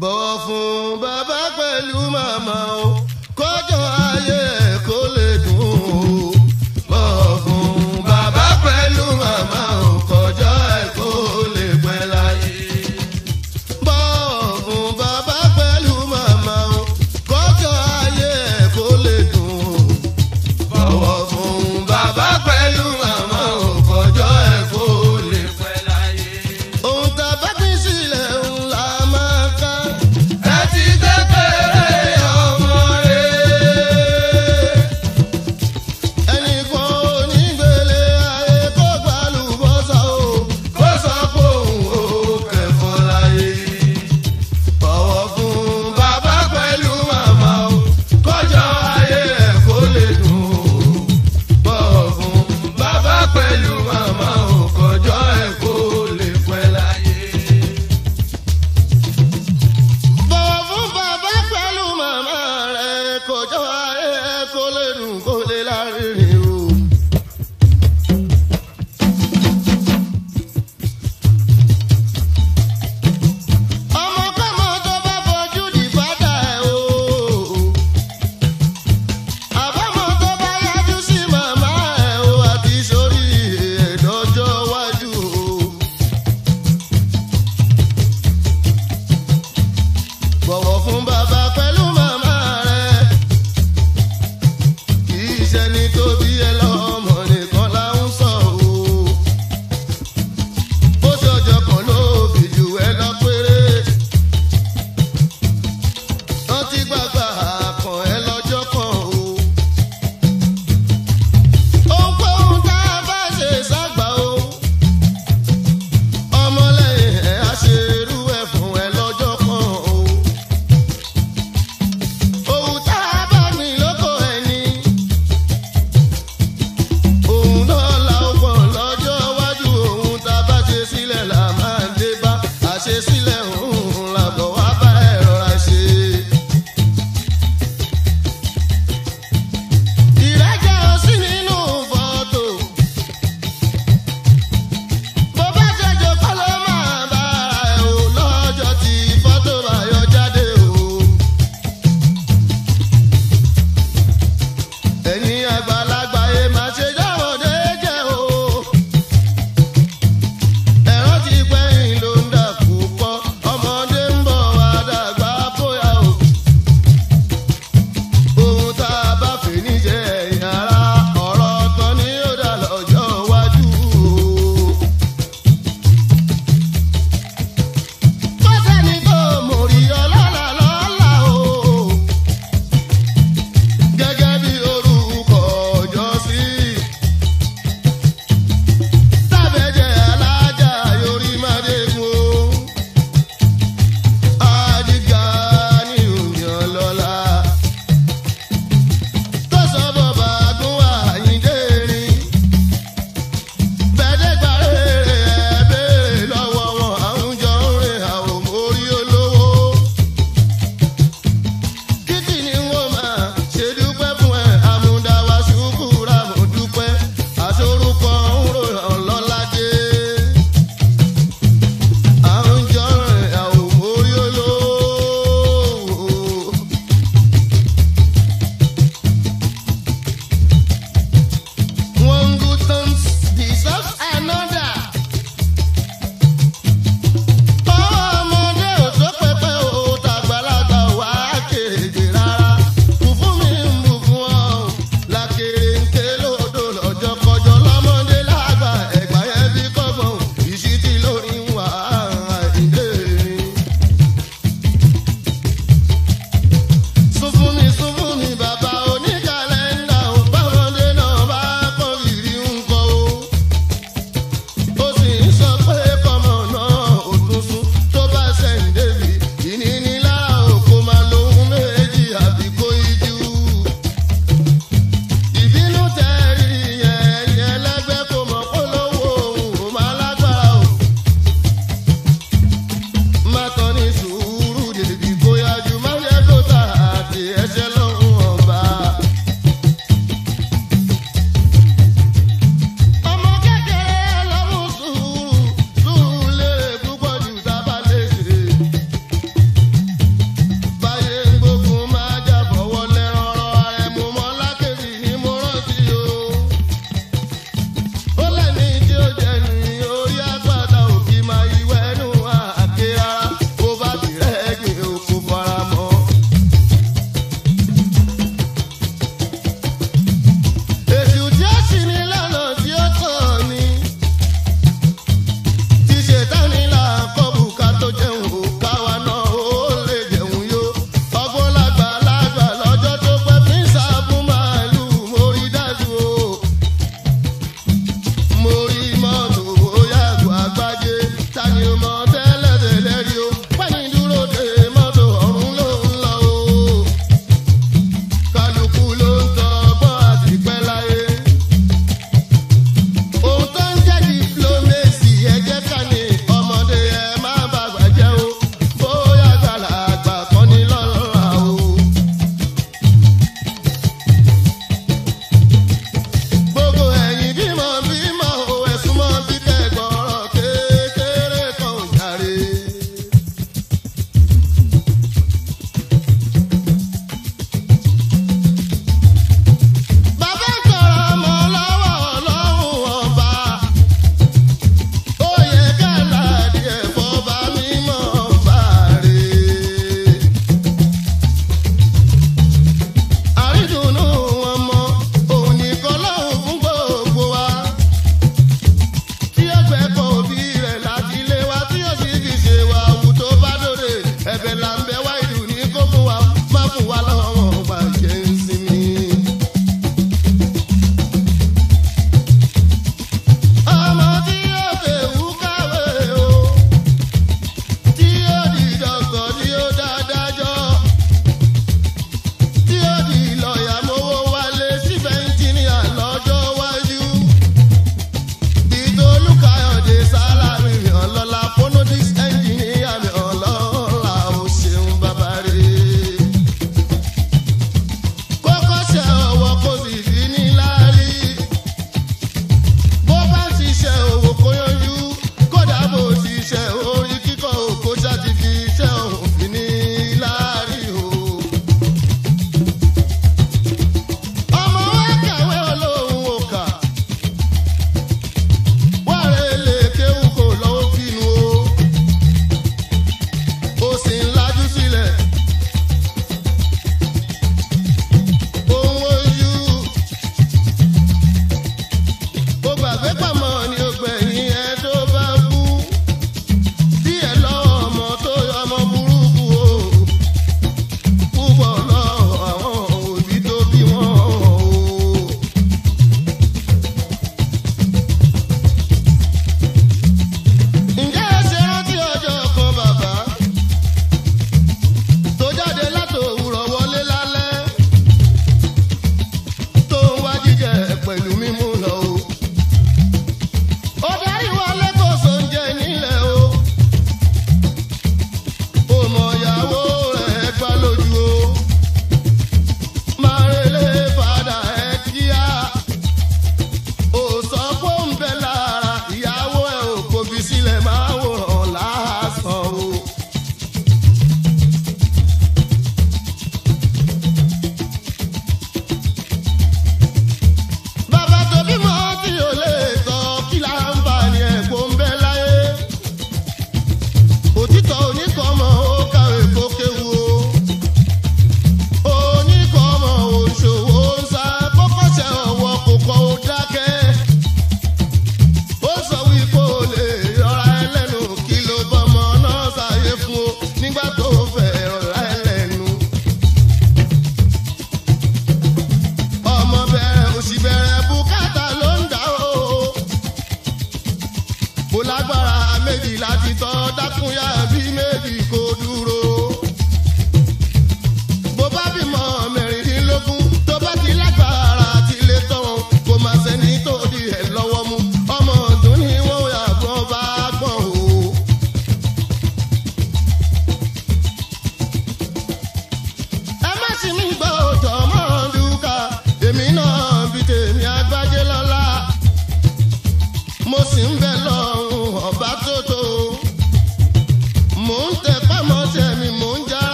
bọ̀wọ̀ fún bàbá pẹ̀lú màmá o kọjọ́ a. Oh.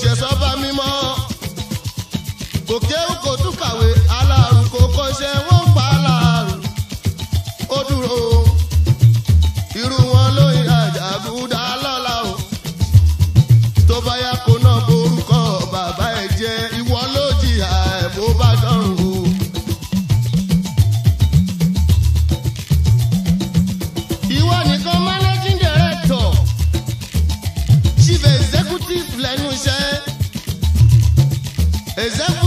ṣe sọ́ba mímọ́. Kò kéwù Is that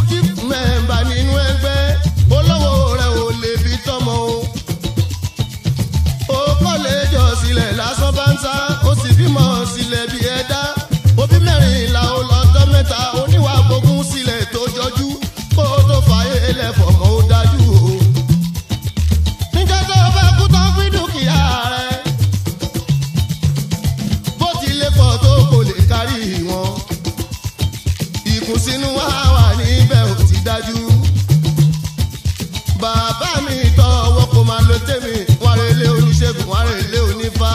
bàbá mi tọ́ ọwọ́ kò máa lo tèmi wàrà ilé oníṣègùn wàrà ilé onífá.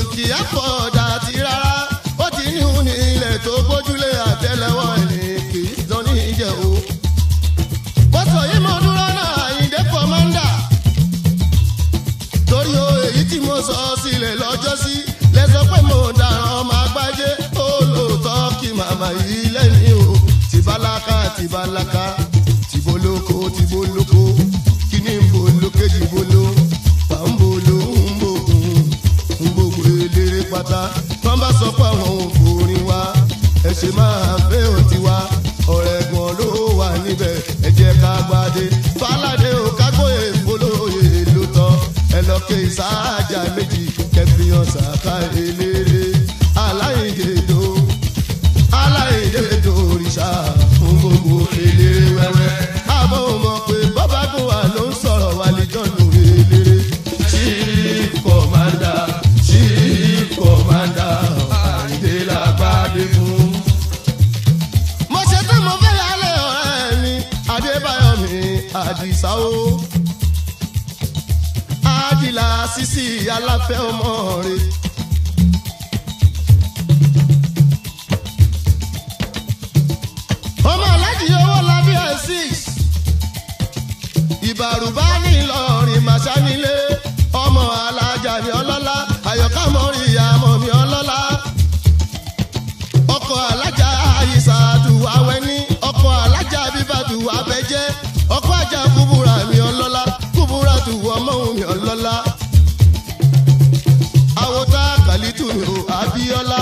òkì àpọ̀dà ti rárá ó ti níhun ní ilẹ̀ tó gbójúlé àtẹ́lẹwọ́ ẹni kì í tán ní ìjẹ́ o. wọ́n sọ yìí mo dúró náà àyíǹde kọ́mọ́ndà torí o èyí tí mo sọ sílẹ̀ lọ́jọ́ sí lẹ́sọ pé mo dàrán ọmọ agbájé ó lóòótọ́ kí màmá yìí lẹ́ni o tìbálaka tìbálaka. pátá tán bá sọ pé àwọn òun forí wa ẹ ṣe máa fẹ́ òtí wa ọ̀rẹ́ gan ló wà níbẹ̀ ẹ ká gbadé fàlàdé ò kágbóyè polóye ló tọ́ ẹ lọ ké sáájà méjì kẹfìhàn sàkà ilé. àdìsá o. ájìlá sísì aláfẹ́ ọmọ rẹ̀. ọmọ aláàjì owó lábí ẹ̀ six. ìbàrùbá ní Ìlọrin màṣá nílé ọmọ alájà ní ọlọ́lá àyọ̀ká mọ́rin ìyá mọ́ mi ọlọ́lá. ọkọ̀ alájà àyíṣà àdùwà wẹ́ni ọkọ̀ alájà bíbá àdùwà bẹ́jẹ́. Hamadu ọmọ mi ọlọ́lá awota tu mi o Abíọ́lá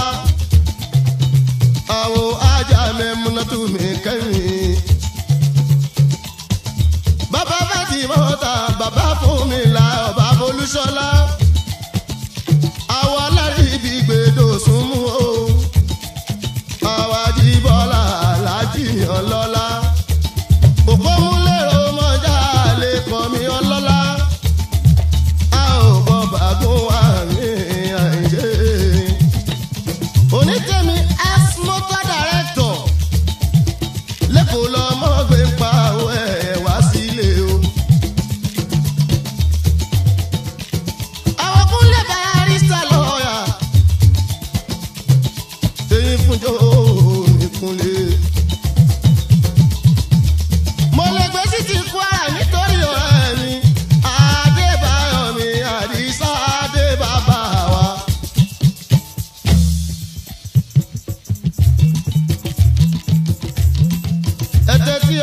awo aja tu mi kẹmi. bàbá bá ti mọ́ta bàbá fún mi la ọba Olúṣọlá.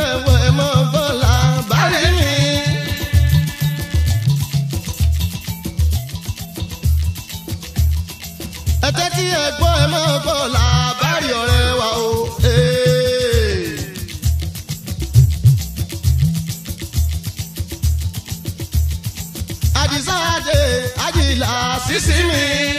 ẹ̀wọ̀ ẹ̀ mọ́ bọ́lá bá rí mi. ẹ tẹ́tí ẹ gbọ́ ẹ mọ́ bọ́lá bá rí ọ̀rẹ́ mi.